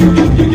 Thank you.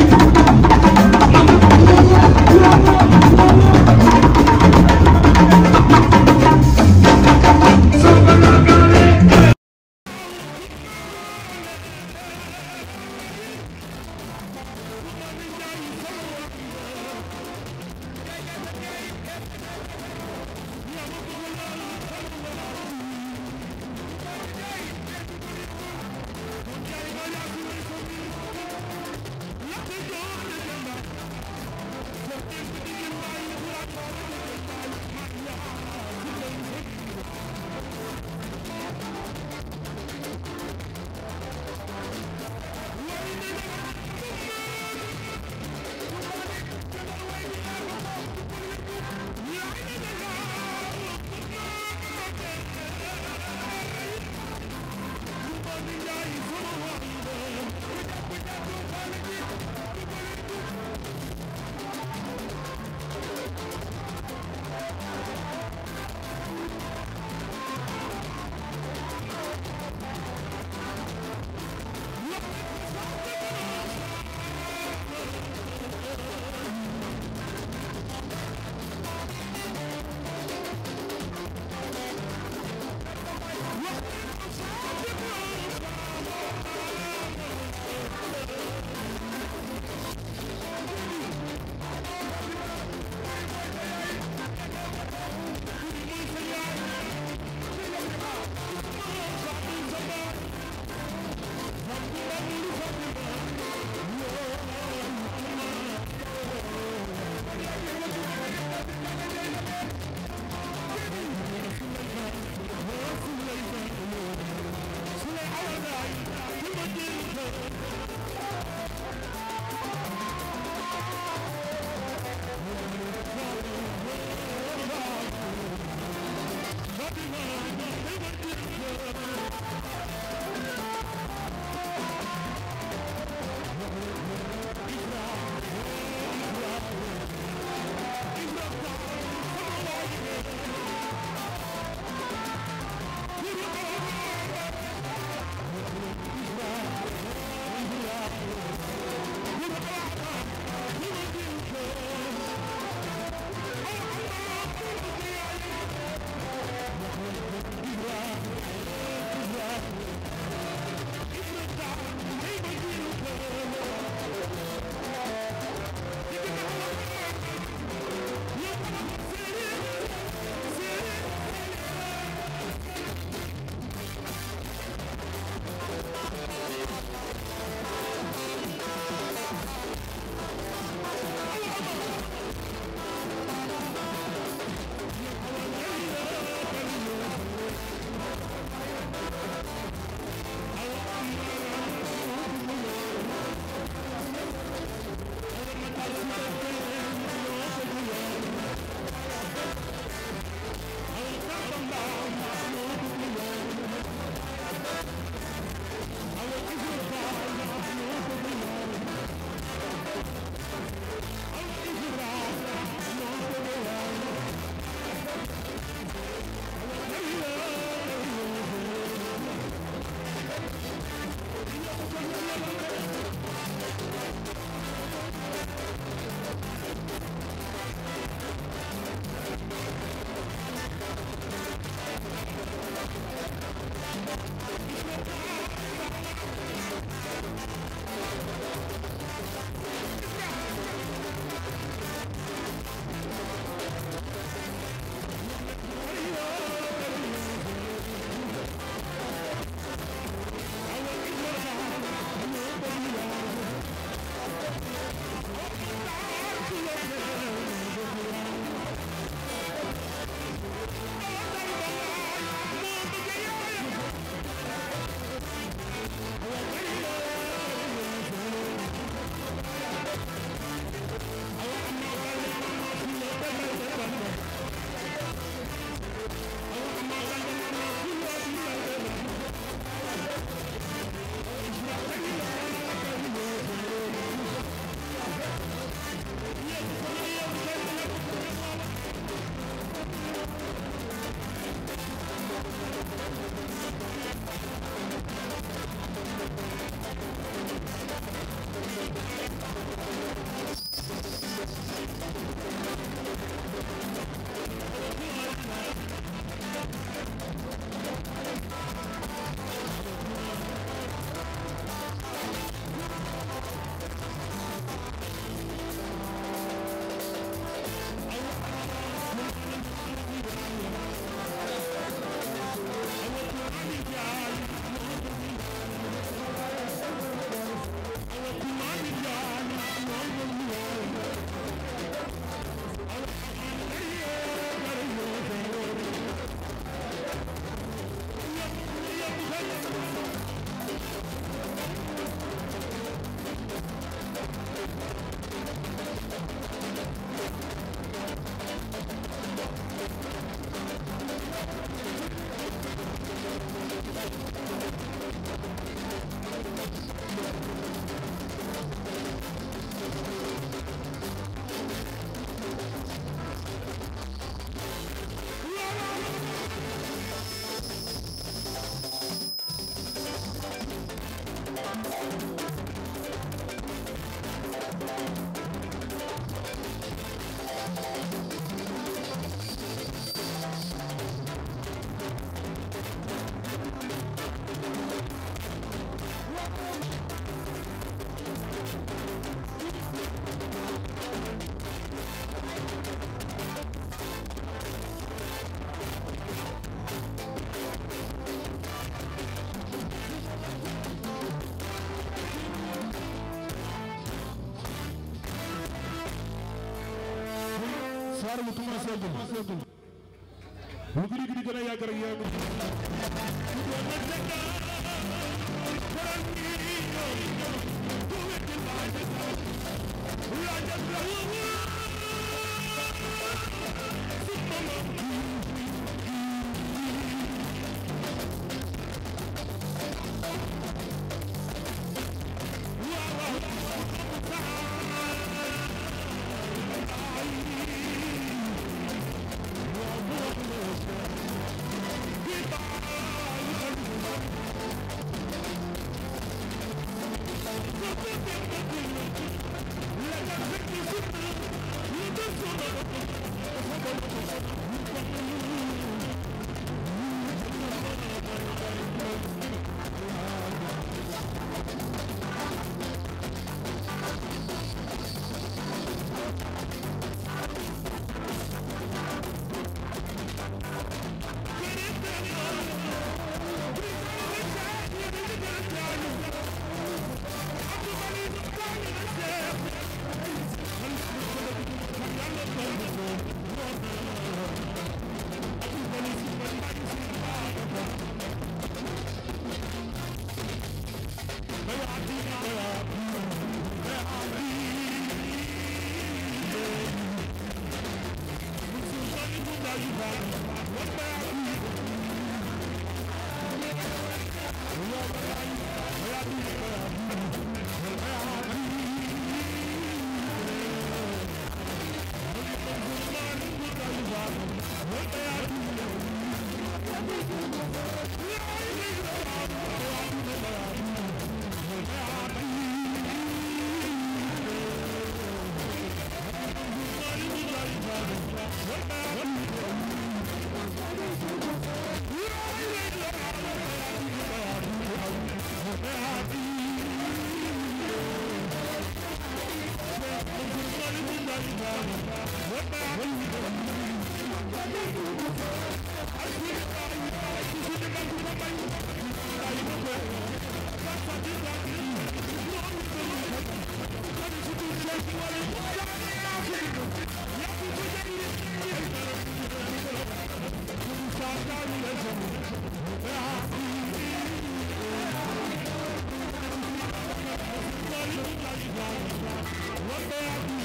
What they are doing.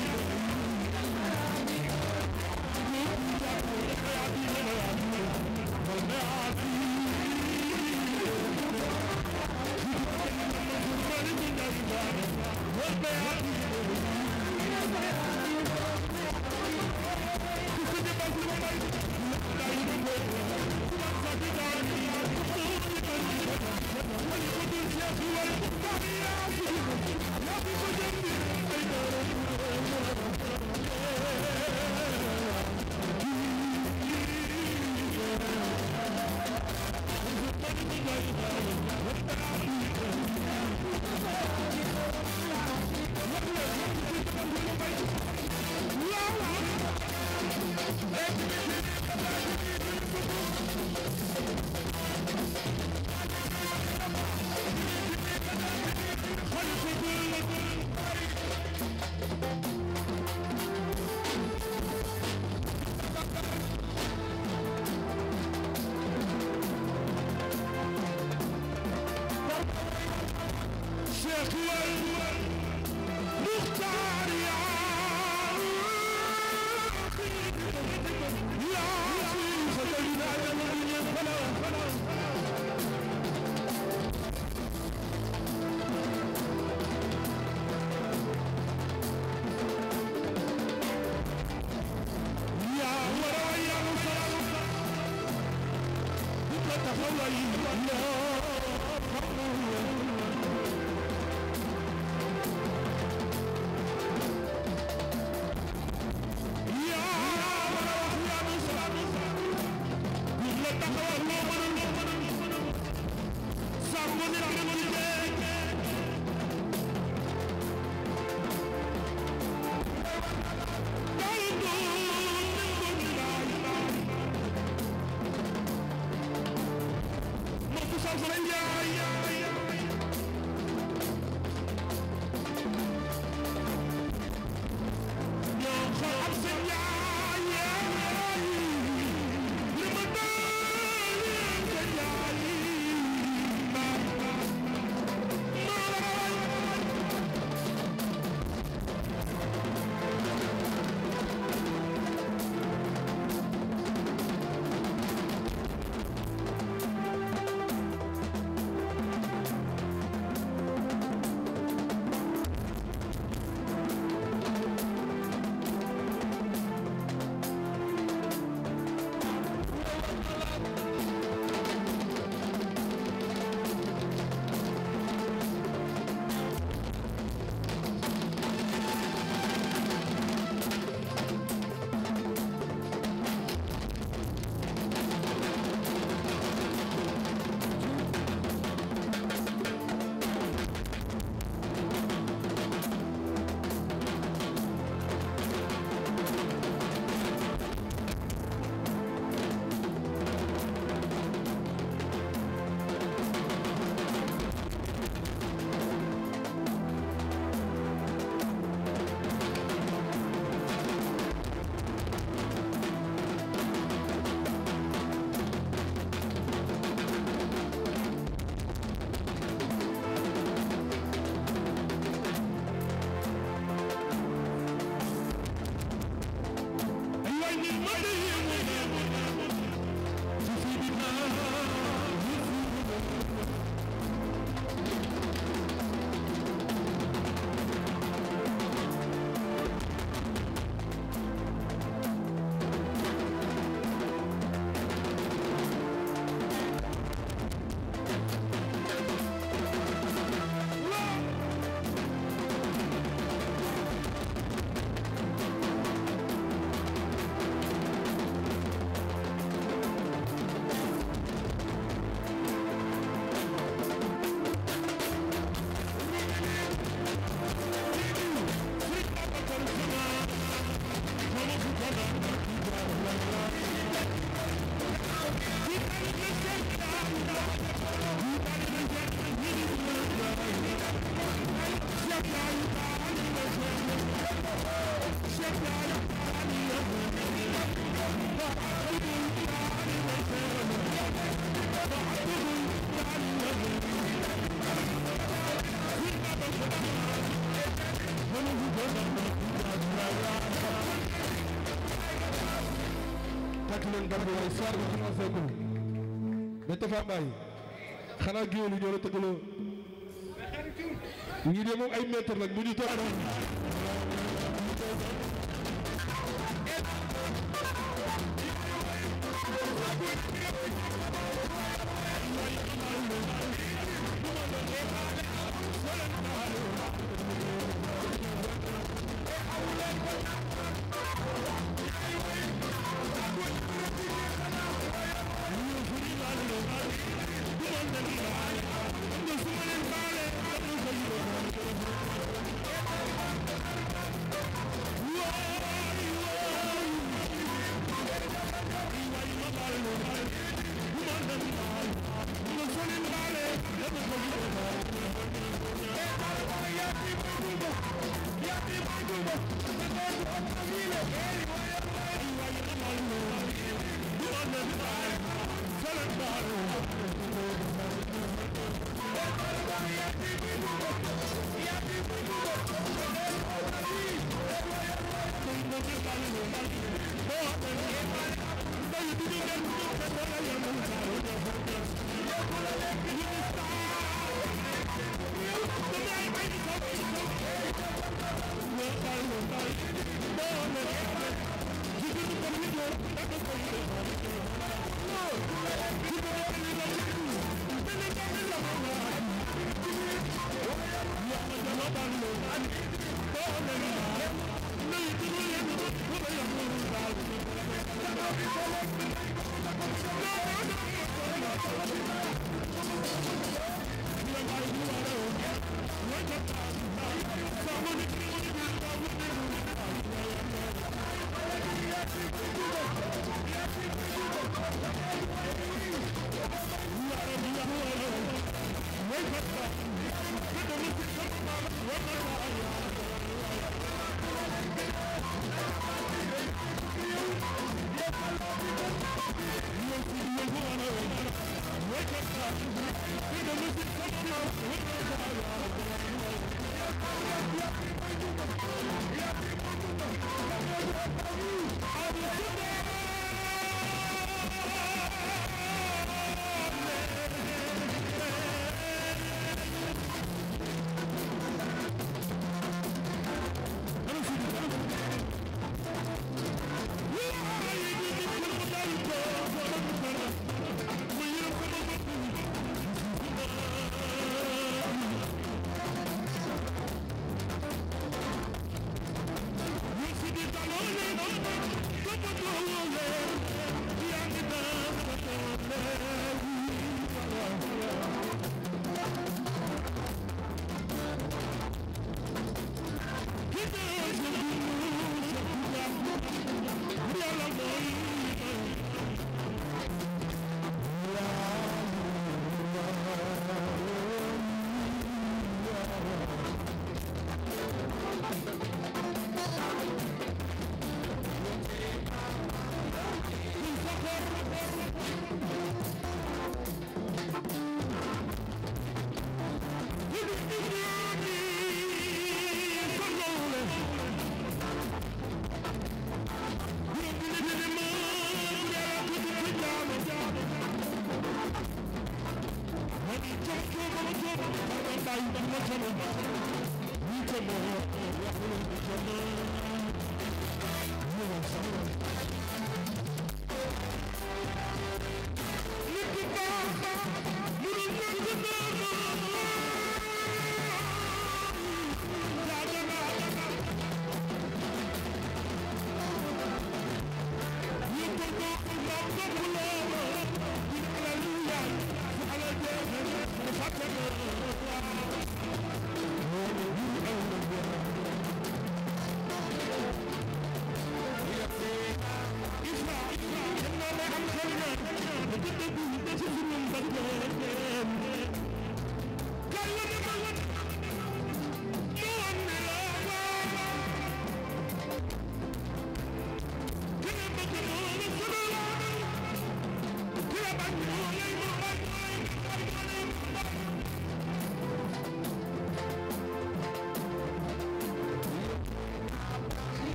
mais Tafa Mbaye xanaa géwél yi ñoo la tëggaloo ñii de moom ay mètre nag bu ñu toog Let's go.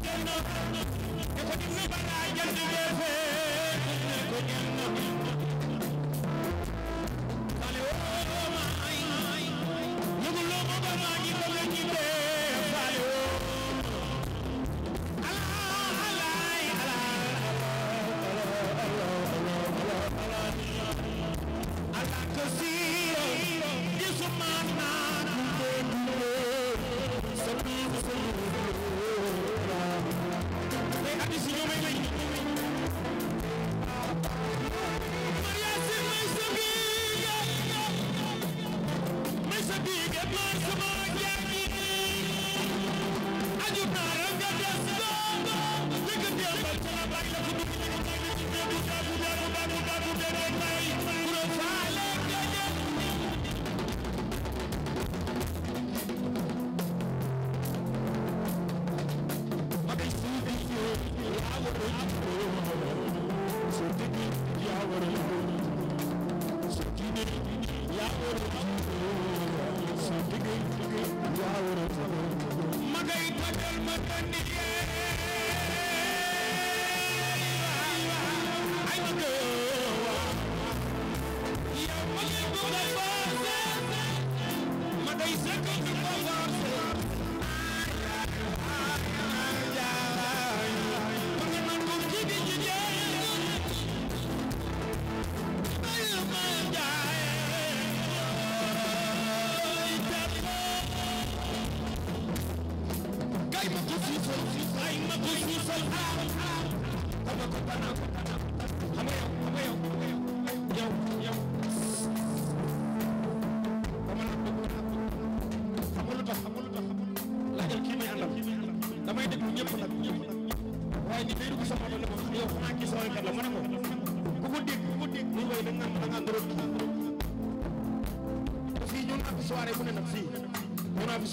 te no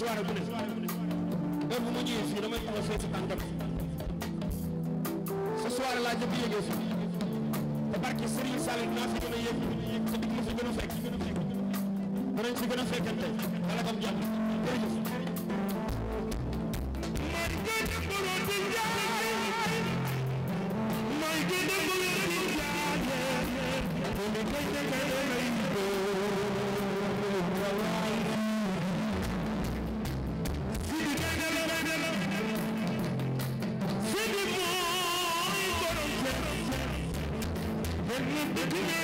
soirée bu ne heure bu ma ñëwee fii damay xool fee si tàngam sa soirée laa jëkk yëgee fii te barke Serigne Saliou naa fi gën a yëg te dig ma fi gën a fekk danañ fi gën a fekkante yàlla kam jàpp jërëjëf mooy Thank you.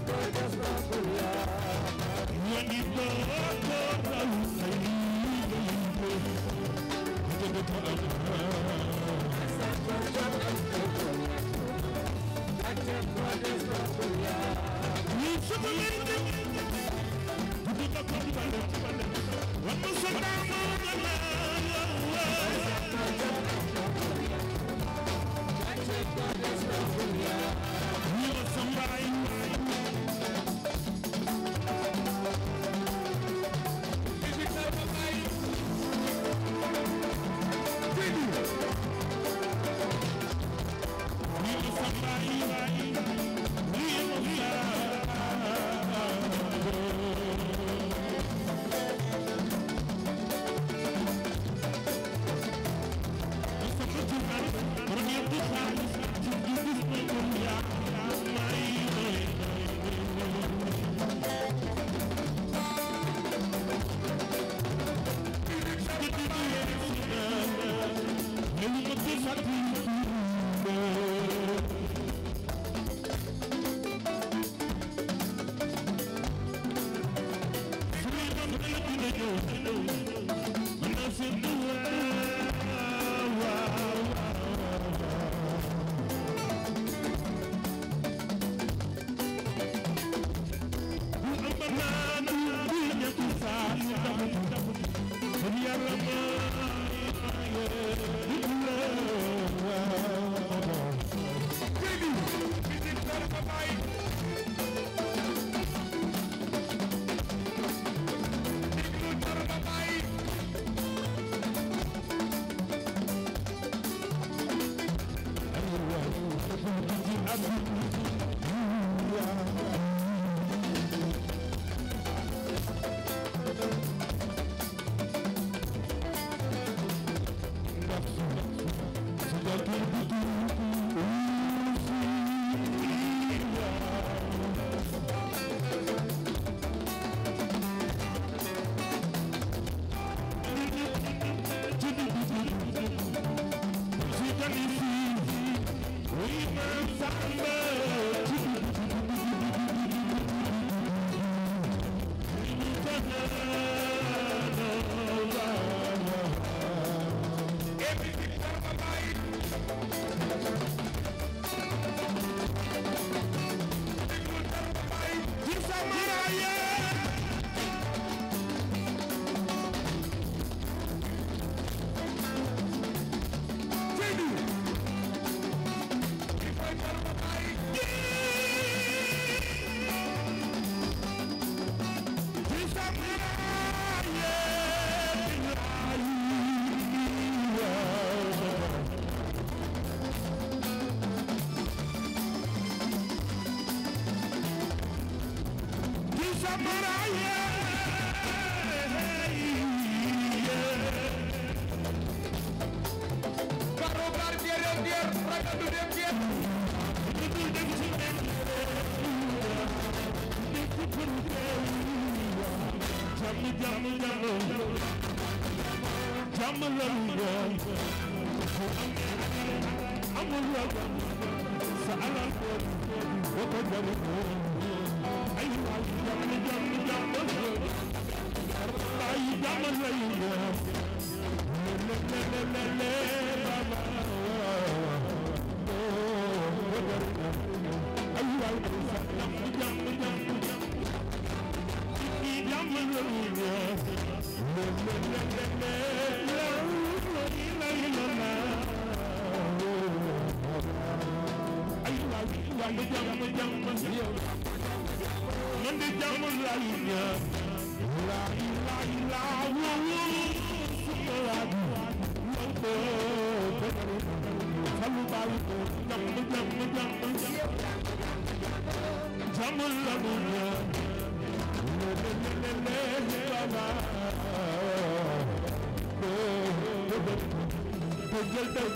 Thank you.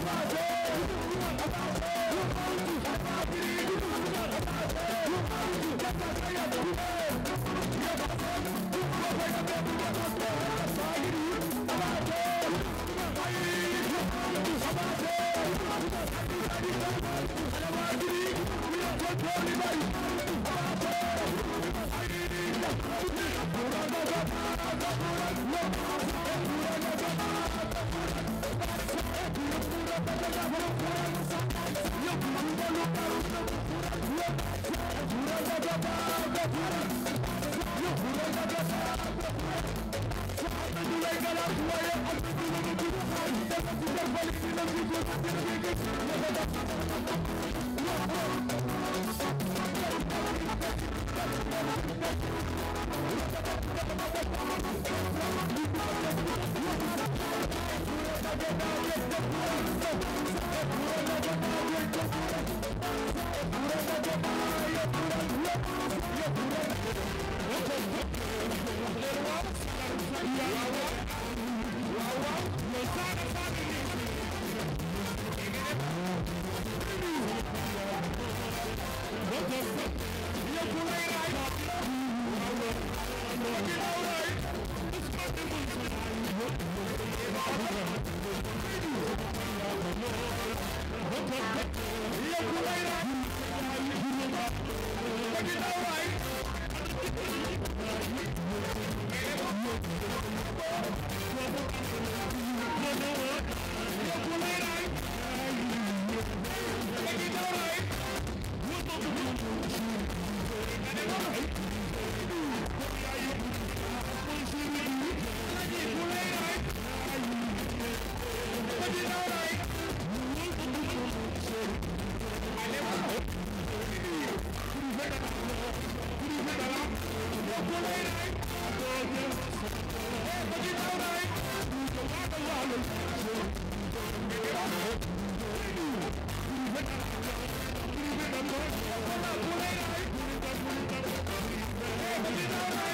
Abajo Let's go. Thank you.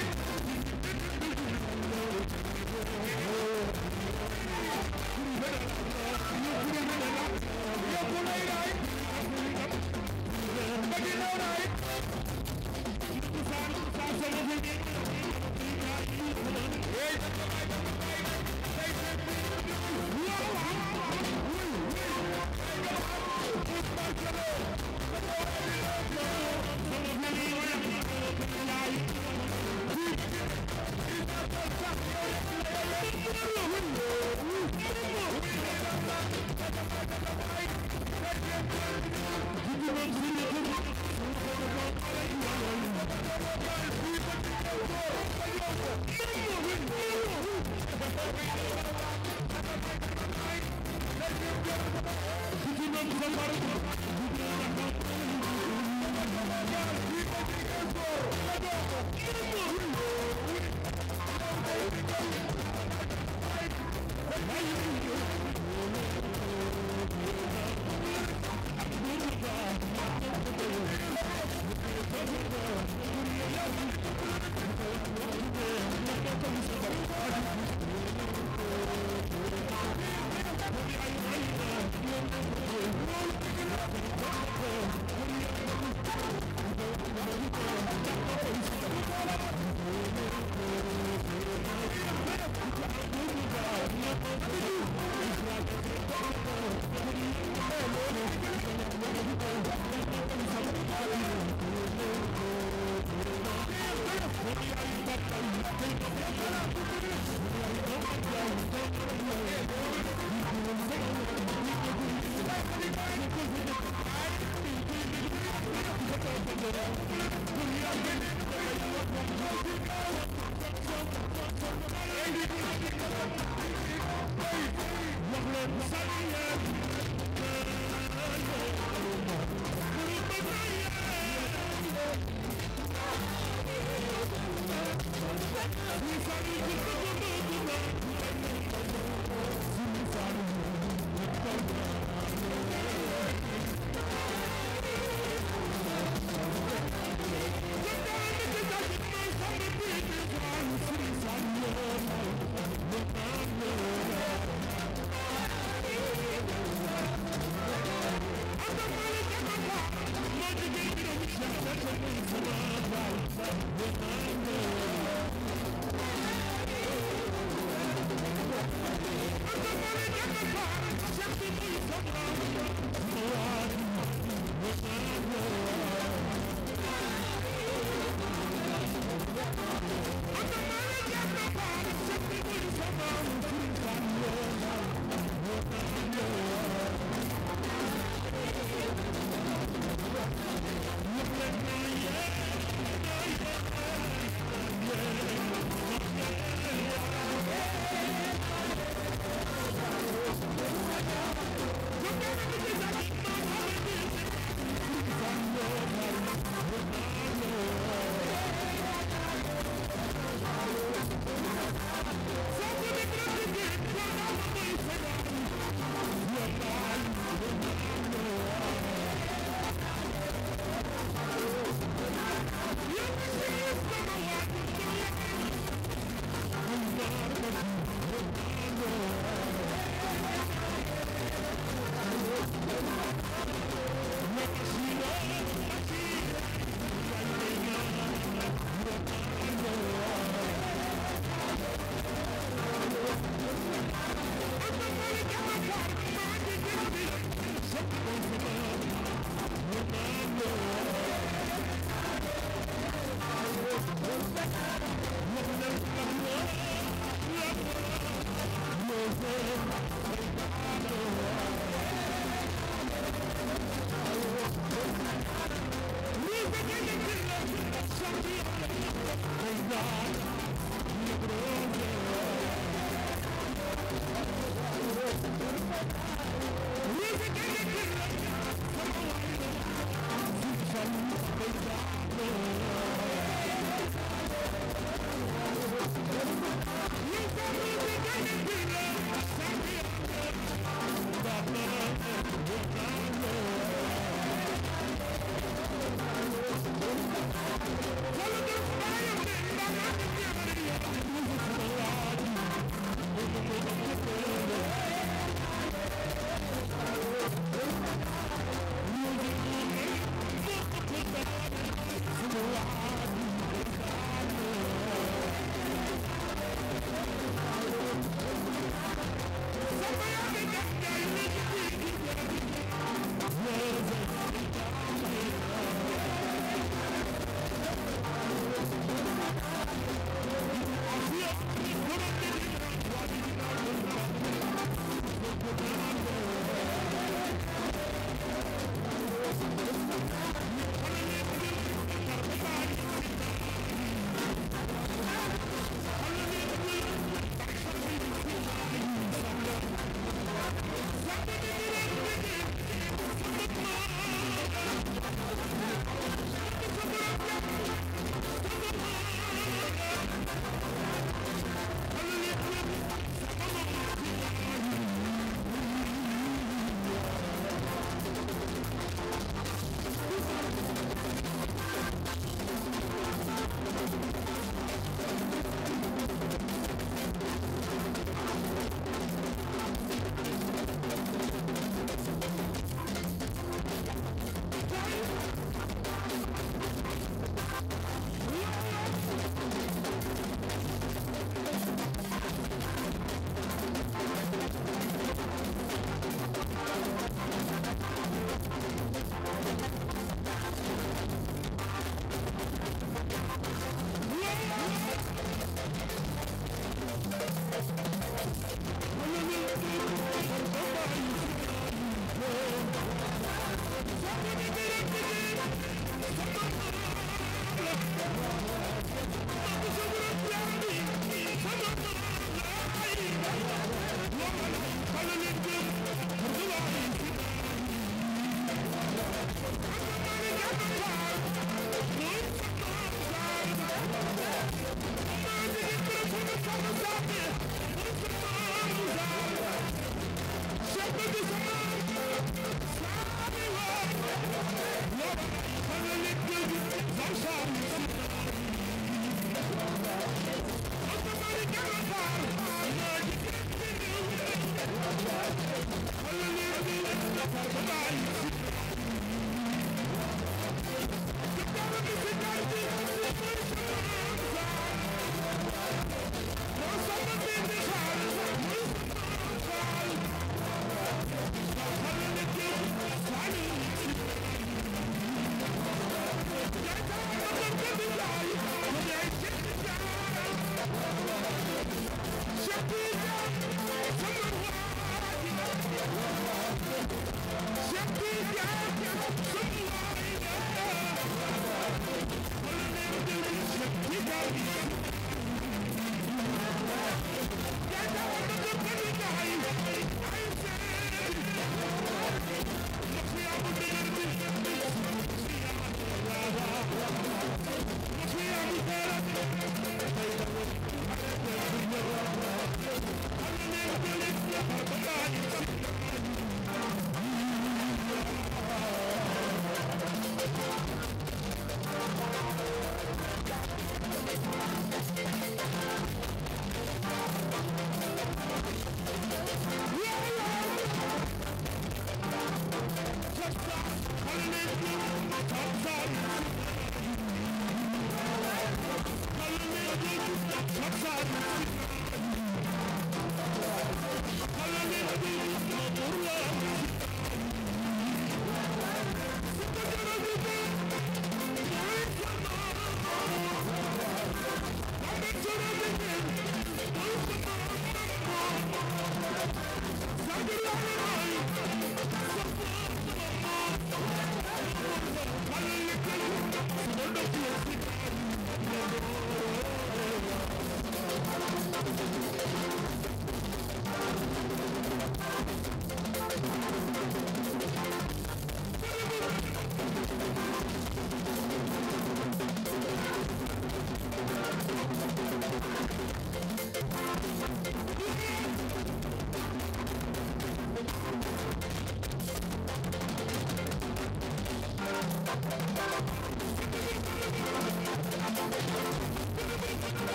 Don't be a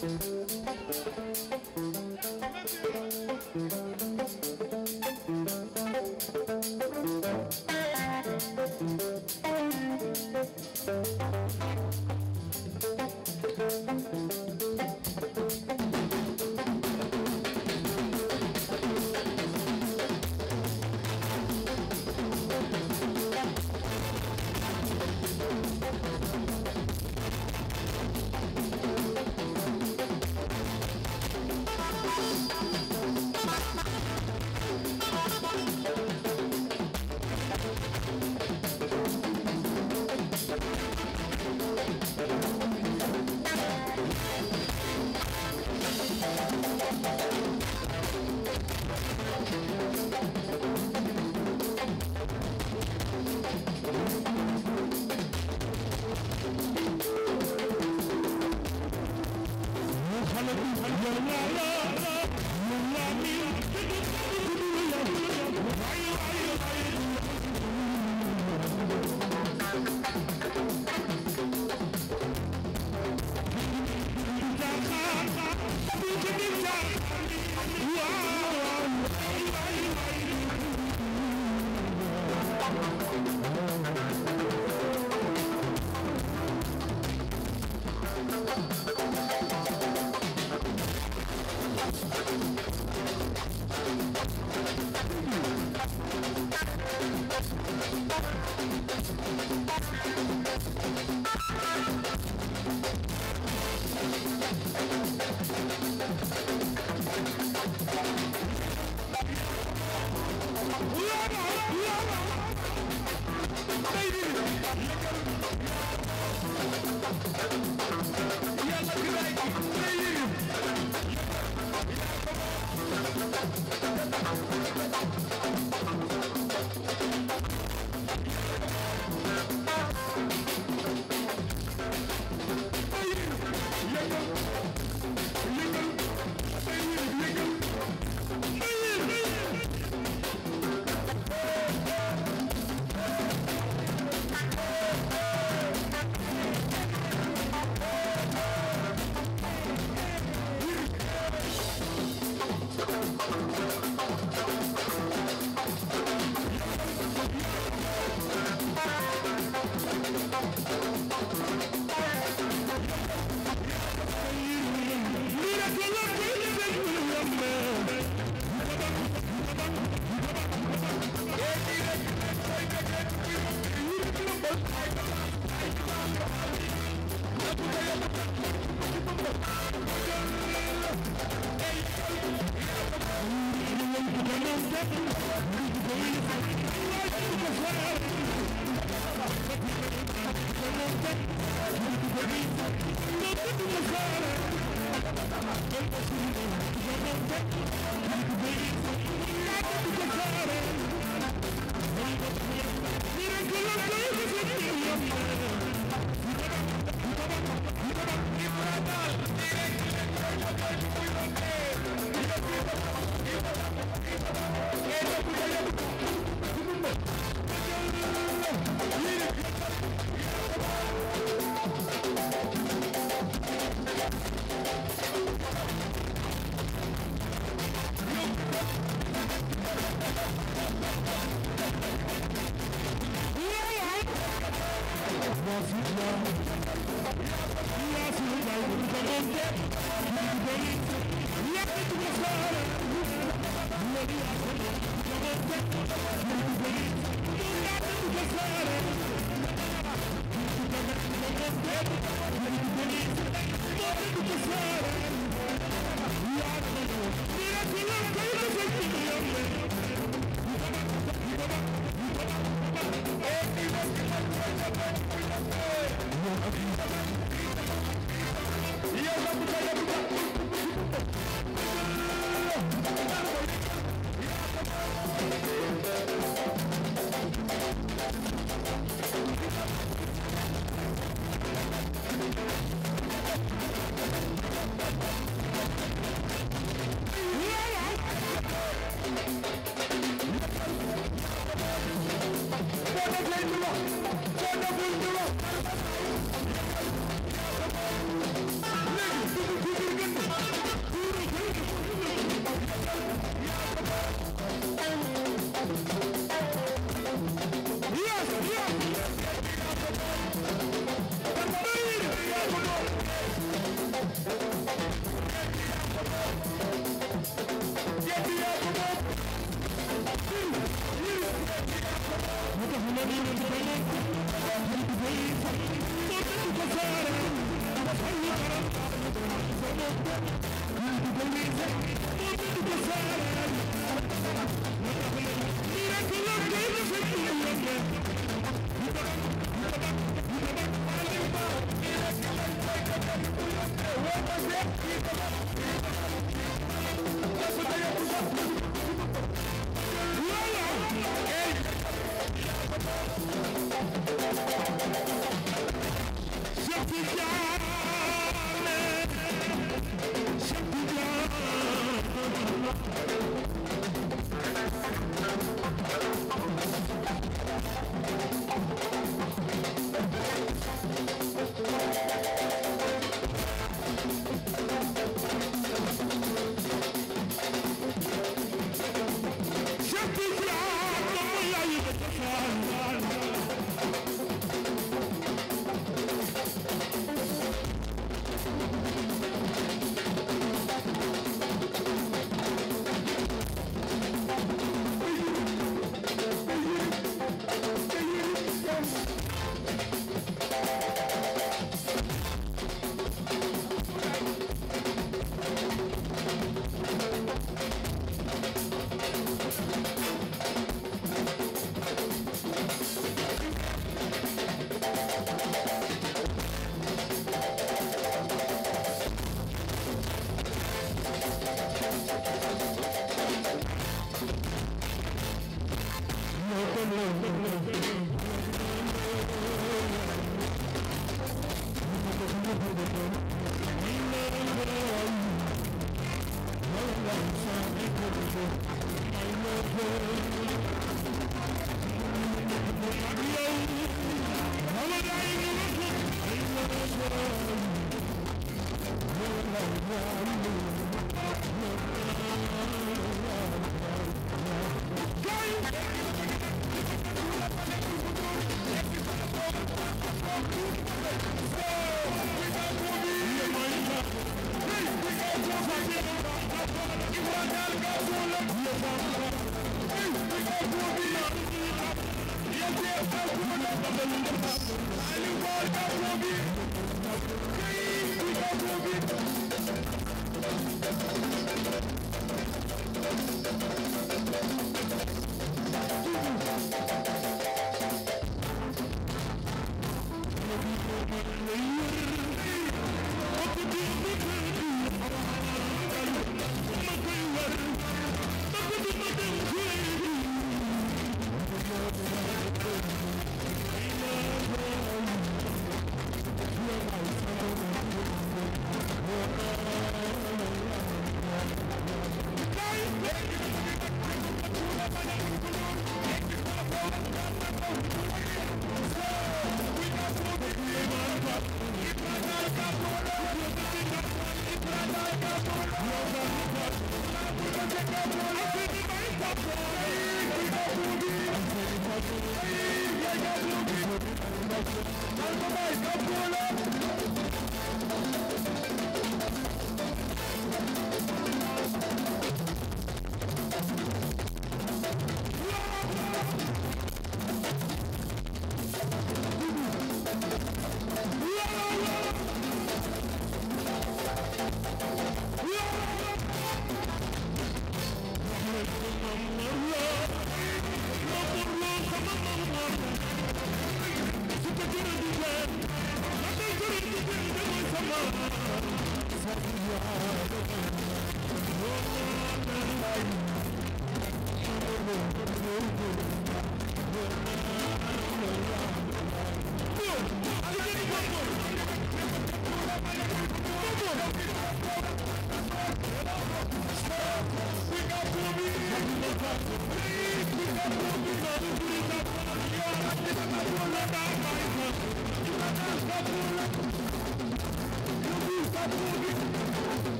Thank you.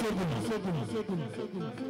sédduna sédduna sédduna